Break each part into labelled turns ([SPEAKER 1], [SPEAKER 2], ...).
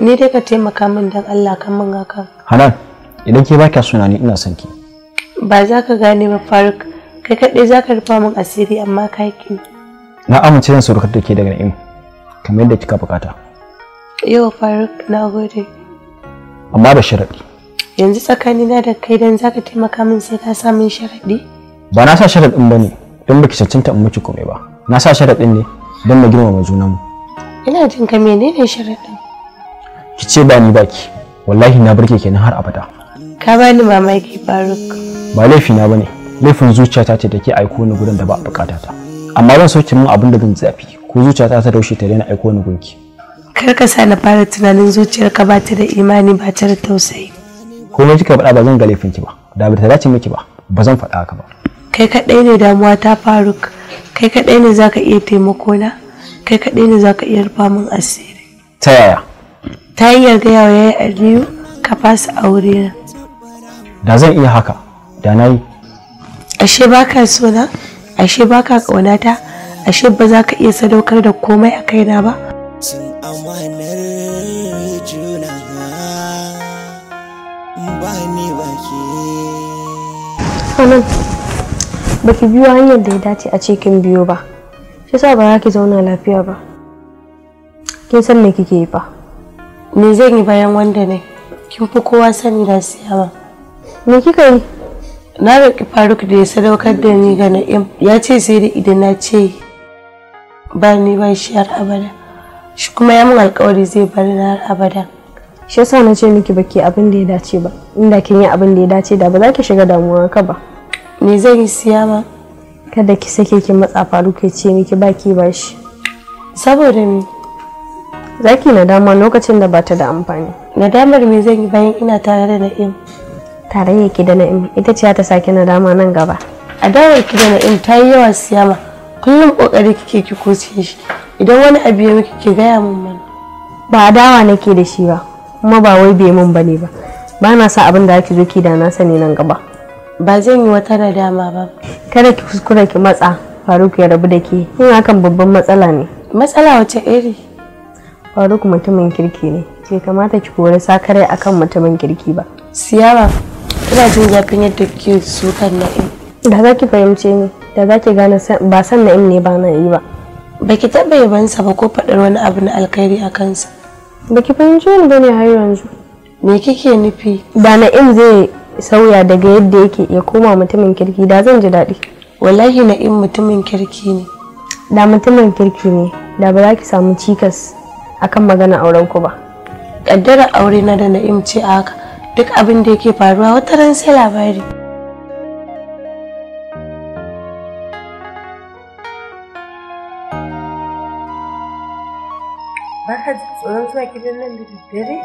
[SPEAKER 1] ni dai ka taimaka min don Allah kan min hakan
[SPEAKER 2] hanan idan ke baki suna ni ina son ki
[SPEAKER 1] ba za ka gane ba faruk kai kaɗai za ka rufa min asiri amma ka ki
[SPEAKER 2] na amince zan surukar da ke daga na'im kamar yadda kika bukata
[SPEAKER 1] yau faruk na gode
[SPEAKER 2] amma da sharaɗi
[SPEAKER 1] yanzu tsakanina da kai dan za ka taimaka min sai ka sa min sharaɗi
[SPEAKER 2] ba na sa sharaɗin ba ne don baki cancanta in miki komai ba na sa sharaɗin ne don mu girmama junanmu
[SPEAKER 1] ina jin ka menene sharaɗin
[SPEAKER 2] ki ce ba ni baki wallahi na barke kenan har abada
[SPEAKER 1] ka bani mamaki faruk
[SPEAKER 2] ba laifi na bane laifin zuciyata ce take aiko ni gurin da ba a bukata ta amma zan soke min abin da zan zafi ko zuciyata ta daushe ta daina aiko ni gunki
[SPEAKER 1] kar ka sa na fara tunanin zuciyarka ba ta da imani ba ta da tausayi
[SPEAKER 2] ko na kika faɗa ba zan ga laifin ki ba da ba ta dace miki ba ba zan faɗa haka ba
[SPEAKER 1] kai kaɗai ne damuwa ta faruk kai kaɗai ne zaka iya taimako na kai kaɗai ne zaka iya rufa min asiri ta yaya ta iya gaya wa yayi aliyu ka fasa aure na
[SPEAKER 2] da zan iya haka da na yi
[SPEAKER 1] ashe baka so na ashe baka ƙaunata ashe ba za ka iya sadaukar da komai a kaina ba ba baki baki biyo hanyar da ya dace a cikin biyo ba shi sa ba za ki zauna lafiya ba kin san me kike yi fa me zan yi bayan wanda ne kin fi kowa sani da siyama me kika yi na roƙi faruk da ya sadaukar da ni ga na'im ya ce sai da idan na ce ba ni ba shi har abada shi kuma ya mun alkawari zai bar ni har abada shi yasa na ce miki baki abin da ya dace ba inda kin yi abin da ya dace da ba za ki shiga damuwa ka ba me zan yi siyama kada ki sake ki matsa faruk ya ce miki baki ba shi saboda me Zaki na dama lokacin da bata da amfani nadamar me zan yi bayan ina tare da na'im tarayya ki da na'im ita ce ta sake nadama nan gaba A dawar ki da na'im ta yi yawa siyama kullum kokari kike ki koce shi idan wani abu ya miki ki gaya min mana ba dawa nake da shi ba kuma ba wai bai min bane ba ba na sa abin da ake zo ki da na sani nan gaba ba zan yi wata nadama ba kada ki kuskura ki matsa faruk ya rabu da ke yin hakan babban matsala ne matsala wace iri faruk mutumin kirki ne ke kamata ki kori sakarai akan mutumin kirki ba siyawa ina jin zafin yadda ke sukan na'im da za ki fahimce ni da za ki gane ba san na'im ne ba na yi ba ba ki taɓa yabansa ba ko faɗar wani abu na alkhairi a kansa ba ki fahimce ni ba ne har yanzu me kike nufi da na'im zai sauya daga yadda yake ya koma mutumin kirki da zan ji daɗi wallahi na'im mutumin kirki ne da mutumin kirki ne da ba za ki samu cikas akan magana auren ku ba kaddara aure na da na'im ce a haka duk abin da yake faruwa wata ran sai labari Baka ji tsoron zuwa gidan nan da daddare?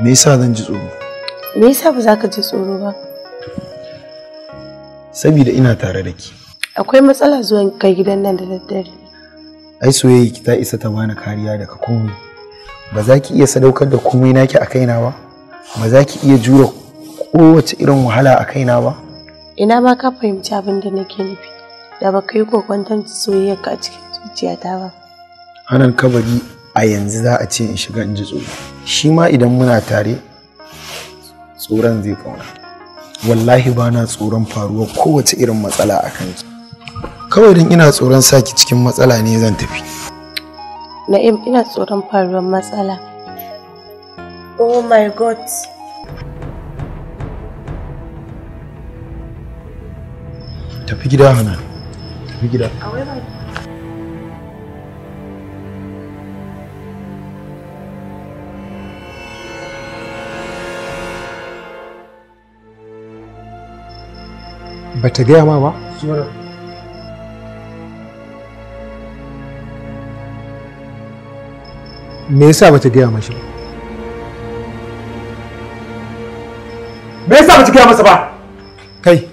[SPEAKER 3] Me yasa zan ji tsoro?
[SPEAKER 1] Me yasa ba za ka ji tsoro ba?
[SPEAKER 3] Sabida ina tare da ki.
[SPEAKER 1] Akwai matsala zuwa kai gidan nan da daddare.
[SPEAKER 3] Ai soyayya ki ta isa ta bani kariya daga komai. ba za ki iya sadaukar da komai naki a kaina ba ba za ki iya jura kowace irin wahala a kaina ba
[SPEAKER 1] ina ba ka fahimci abin da nake nufi da ba ka yi kokwantar ka a cikin zuciyata ba
[SPEAKER 3] hanan kabari a yanzu za a ce in shiga in ji tsoro shi ma idan muna tare tsoron zai kauna wallahi ba na tsoron faruwa kowace irin matsala a kanki kawai don ina tsoron saki cikin matsala ne zan tafi
[SPEAKER 1] Na'im ina tsoron faruwar matsala. Oh my God!
[SPEAKER 3] Tafi gida hana, tafi gida. Bata gaya ma ba? Sura. me yasa bata gaya mashi ba me yasa bata gaya masa ba kai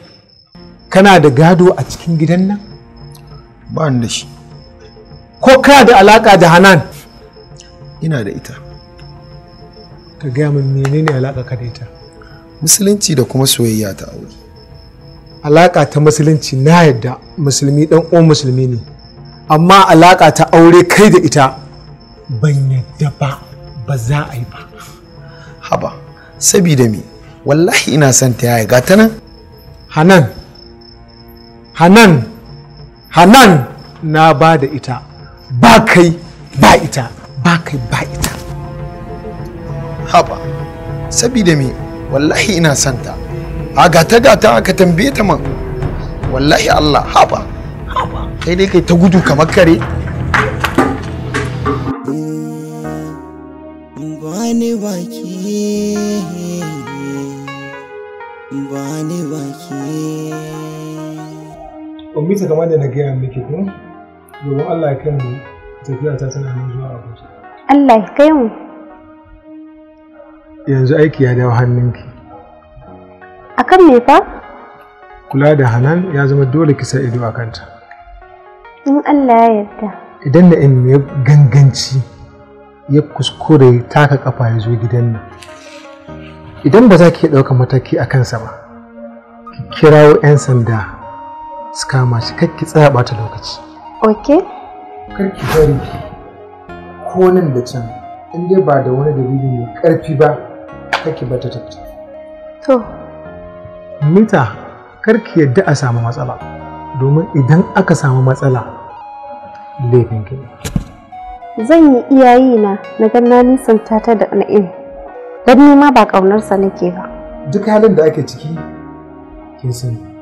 [SPEAKER 3] kana da gado a cikin gidan nan ba ni da shi ko ka da alaka da hanan ina da ita ka gaya min menene alaka ka da ita musulunci da kuma soyayya ta aure alaka ta musulunci na yadda musulmi dan uwan musulmi ne amma alaka ta aure kai da ita ban yadda ba ba za a yi ba haba sabida me wallahi ina son ta yaya gata nan hanan hanan hanan na ba da ita ba kai ba ita ba kai ba ita haba sabida me wallahi ina son ta a gata gata aka tambaye ta man wallahi Allah haba haba kai dai kai ta gudu kamar kare bisa kamar da na gaya miki ko domin Allah ya kai mu tafiya ta tana nan zuwa Abuja
[SPEAKER 1] Allah ya kai mu
[SPEAKER 3] yanzu aiki ya dawo hannunki akan me fa kula da Hanan ya zama dole ki sa ido a kanta
[SPEAKER 1] in Allah ya yarda
[SPEAKER 3] idan da in ya ganganci ya kuskure taka kafa ya zo gidan nan idan ba za ki ɗauka mataki a kansa ba ki kirawo 'yan sanda su kama shi kakki tsaya bata lokaci ok karki bari ko nan da can in dai ba da wani dalili mai karfi ba kakki bata ta to mita karki yadda a samu matsala domin idan aka samu matsala laifin ki
[SPEAKER 1] zan yi iyayi na na ga na ta da na'im dan ma ba ƙaunarsa nake ba
[SPEAKER 3] duk halin da ake ciki
[SPEAKER 4] kin sani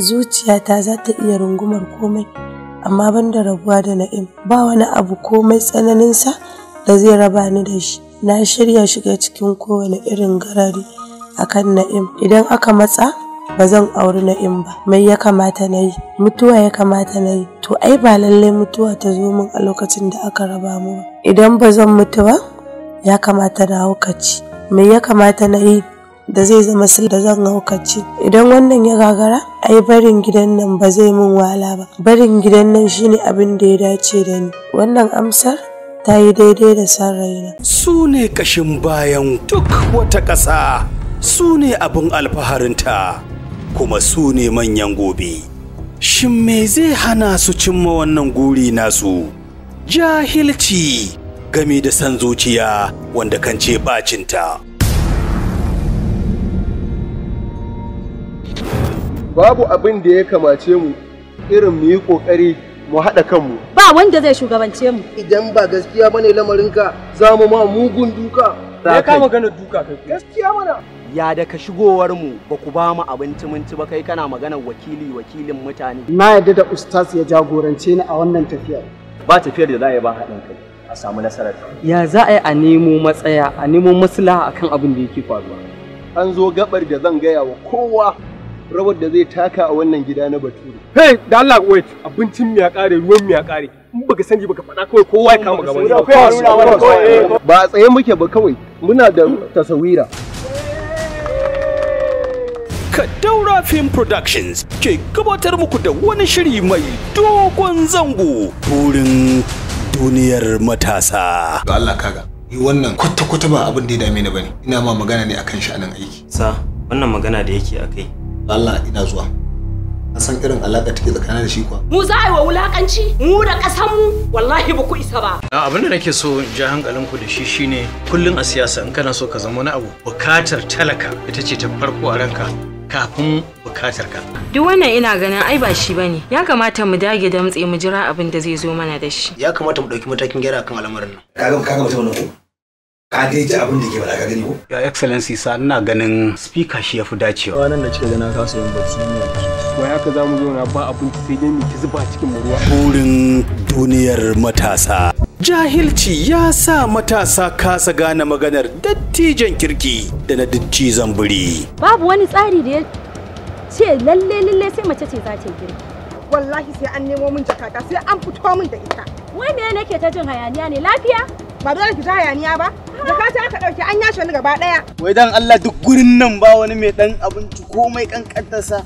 [SPEAKER 1] zuciyata za ta iya rungumar komai amma ban da rabuwa da na'im ba wani abu komai tsananinsa da zai raba ni da shi na shirya shiga cikin kowane irin garari akan na'im idan aka matsa ba zan auri na'im ba mai ya kamata na yi mutuwa ya kamata na yi to ai ba lallai mutuwa ta zo min a lokacin da aka raba mu ba idan ba zan mutu ba ya kamata na haukaci mai ya kamata na yi da zai zama sil da zan haukaci idan wannan ya gagara ai barin gidan nan ba zai mun wala ba barin gidan nan shine abin da ya dace da ni wannan amsar ta yi daidai da san raina
[SPEAKER 4] su ne kashin bayan duk wata ƙasa su ne abin alfaharinta kuma su ne manyan gobe shin me zai hana su cimma wannan guri nasu jahilci gami da san zuciya wanda kan ce bacinta
[SPEAKER 3] babu abin da ya kamace mu irin mu yi ƙoƙari
[SPEAKER 4] mu haɗa kanmu.
[SPEAKER 3] Ba wanda zai shugabance mu. Idan ba gaskiya ba ne lamarinka za mu ma mugun duka. Ya kama gana
[SPEAKER 4] duka kai. Gaskiya mana. Ya da ka shigowar mu ba ku
[SPEAKER 2] ba mu abinci minti ba kai kana magana wakili wakilin mutane.
[SPEAKER 3] Na yadda da ustaz ya jagorance
[SPEAKER 4] ni a wannan tafiyar.
[SPEAKER 3] Ba tafiyar da za a yi ba haɗin kai. a samu nasarar
[SPEAKER 4] ya za a yi a nemo matsaya a nemo maslaha akan abin da yake faruwa
[SPEAKER 3] an zo gabar da zan gaya wa kowa rawar da zai taka a wannan gida na bature. Hey, da Allah wait, abincin mu ya
[SPEAKER 4] kare, ruwan mu ya kare. In baka sani baka faɗa kawai kowa ya kama gaban
[SPEAKER 3] eh. Ba a tsaye muke ba kawai, muna da tasawira.
[SPEAKER 4] Kadaura Film Productions ke gabatar muku da wani shiri mai dogon zango burin duniyar matasa. Ga Allah kaga, yi wannan kwata-kwata ba abin da ya dame ni bane. Ina ma magana ne akan sha'anin aiki. Sa, wannan magana da yake a kai Allah ina zuwa an san irin alaƙa take tsakanin da shi kuwa
[SPEAKER 1] mu za a yi wa wulakanci mu da ƙasan mu wallahi ba ku isa ba
[SPEAKER 2] abin da nake so in ja hankalin ku da shi shine kullun a siyasa in kana so ka zama wani abu bukatar talaka ita ce ta farko a ranka
[SPEAKER 3] kafin bukatar ka
[SPEAKER 1] duk wannan ina ganin ai ba shi bane ya kamata mu dage damtse mu
[SPEAKER 3] jira abin da zai zo mana da shi ya kamata mu ɗauki matakin gyara kan al'amarin
[SPEAKER 4] nan ka ga mutum nan ka dai ji abin da ke faɗa ka gani ko ya excellency sa ina ganin speaker shi yafi dacewa nan da cike gana na kasa yin bacci ne ya ka zamu zo na ba abinci sai dai mu ki zuba cikin ruwa burin duniyar matasa jahilci ya sa matasa kasa gane maganar dattijan kirki da na dattijan biri
[SPEAKER 1] babu wani tsari da ya ce lalle lalle sai mace ce za ta yi girki wallahi sai an nemo min jakata sai an fito min da ita wai me nake ta jin hayaniya ne lafiya ba dole ki ta hayaniya ba da ka ta aka dauke an yashe ni gaba daya
[SPEAKER 4] wai dan Allah duk gurin nan ba wani mai dan abinci komai kankantarsa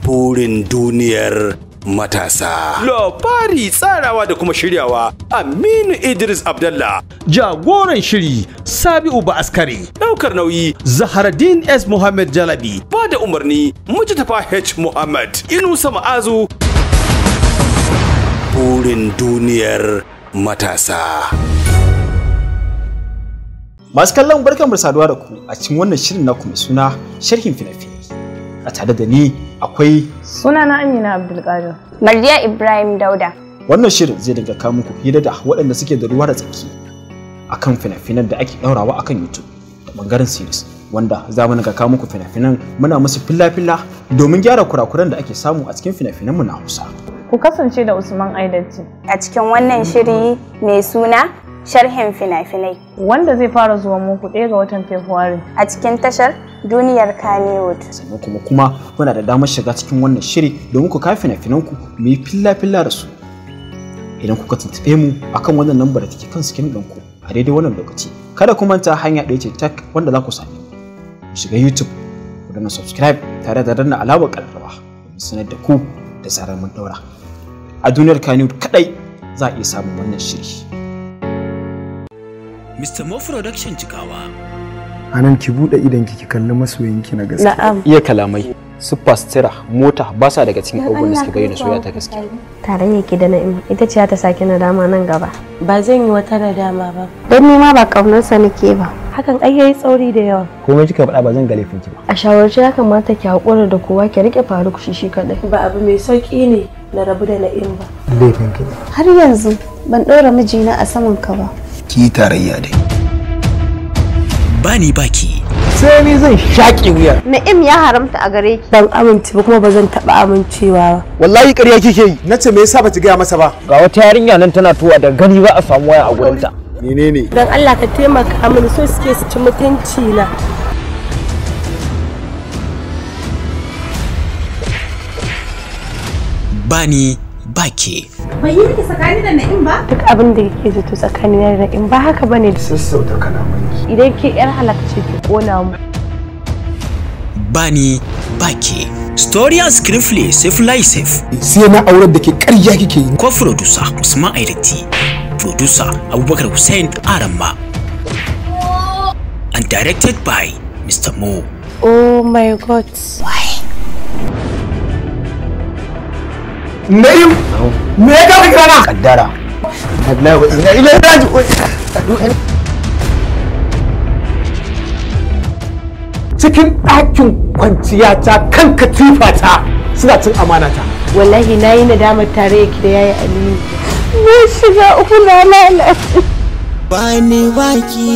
[SPEAKER 4] burin duniyar matasa labari tsarawa da kuma shiryawa aminu idris abdallah jagoran shiri sabi uba askari daukar nauyi zaharaddin s muhammad jalabi ba da umarni mujtafa h muhammad inusa ma'azu burin duniyar matasa.
[SPEAKER 2] Masu kallon barkan mu saduwa da ku a cikin wannan shirin na kuma suna sharhin fina A tare da ni akwai
[SPEAKER 1] Suna na Amina Abdulkadir. Mardiya Ibrahim Dauda.
[SPEAKER 2] Wannan shirin zai daga kawo muku hira da waɗanda suke da ruwa da tsaki akan fina-finan da ake ɗaurawa akan YouTube da bangaren series wanda za mu ga kawo muku finafinan muna musu fila-fila domin gyara kurakuran da ake samu a cikin fina mu na Hausa.
[SPEAKER 1] ku kasance da Usman Aidatti. A cikin wannan shiri mai suna sharhin fina-finai. Wanda zai fara zuwa muku ɗaya ga watan Fabrairu. A cikin tashar duniyar Kaniwood. Sannan
[SPEAKER 2] kuma kuma muna da damar shiga cikin wannan shiri domin ku kafi fina-finanku mu yi filla-filla da su. Idan kuka tuntuɓe mu akan wannan lambar da take kan sikin ku a daidai wannan lokaci. Kada ku manta hanya ɗaya ce tak wanda za ku sami. Shiga YouTube, ku danna subscribe tare da danna alamar ƙararrawa. Sanar da ku da zarar mun daura a duniyar Kannywood kadai za a iya samun wannan shiri Mr. Mo Production
[SPEAKER 3] anan ki buɗe idan ki ki kalli masoyinki na gaske iya
[SPEAKER 2] kalamai super sutura mota ba sa daga cikin abubuwan da suke bayyana soyayya ta gaske
[SPEAKER 1] tarayya ki da na'im ita ce ta na dama nan gaba ba zan yi wata dama ba don ni ma ba kaunarsa nake ba hakan ai yayi tsauri da yawa
[SPEAKER 2] kuma kika faɗa ba zan ga laifin ki
[SPEAKER 1] a shawarce ya kamata ki haƙura da kowa ki rike faruk shi shi kaɗai ba abu mai sauƙi ne na rabu da in ba laifin ki har yanzu ban ɗora mijina a saman ka ba
[SPEAKER 3] ki tarayya dai bani baki sai ni zan shaƙe wuya.
[SPEAKER 1] Na'im ya haramta a gare ki. Ban amince ba kuma ba zan taɓa amincewa ba.
[SPEAKER 2] Wallahi ƙarya kike yi. Na ce me yasa ba ki gaya masa ba? Ga wata yarinya nan tana tuwa da gani ba a samu waya a gurinta. menene don
[SPEAKER 1] Allah ka taimaka mini so suke su ci mutunci na bani baki bai yi ki tsakani da na'im ba duk abin da yake zato tsakani na na'im ba haka bane sassauta kalamanki idan ke yar halaka ce ki kona mu
[SPEAKER 2] bani baki Storia Scriptly Safe Life Safe. Sai na aurar da ke ƙarya kike yi. Ko Producer Usman Aidati. producer Abubakar Hussein Aramma. And directed by Mr. Mo.
[SPEAKER 1] Oh my god. Why?
[SPEAKER 3] Nayu! Me ya gaba kirana? Kaddara. Wallahi Cikin ɗakin kwanciya ta kan katifa ta suna cin amana ta.
[SPEAKER 1] Wallahi na yi nadamar tare yake da yayi Aliyu. na shiga uku na lalace. Bani baki.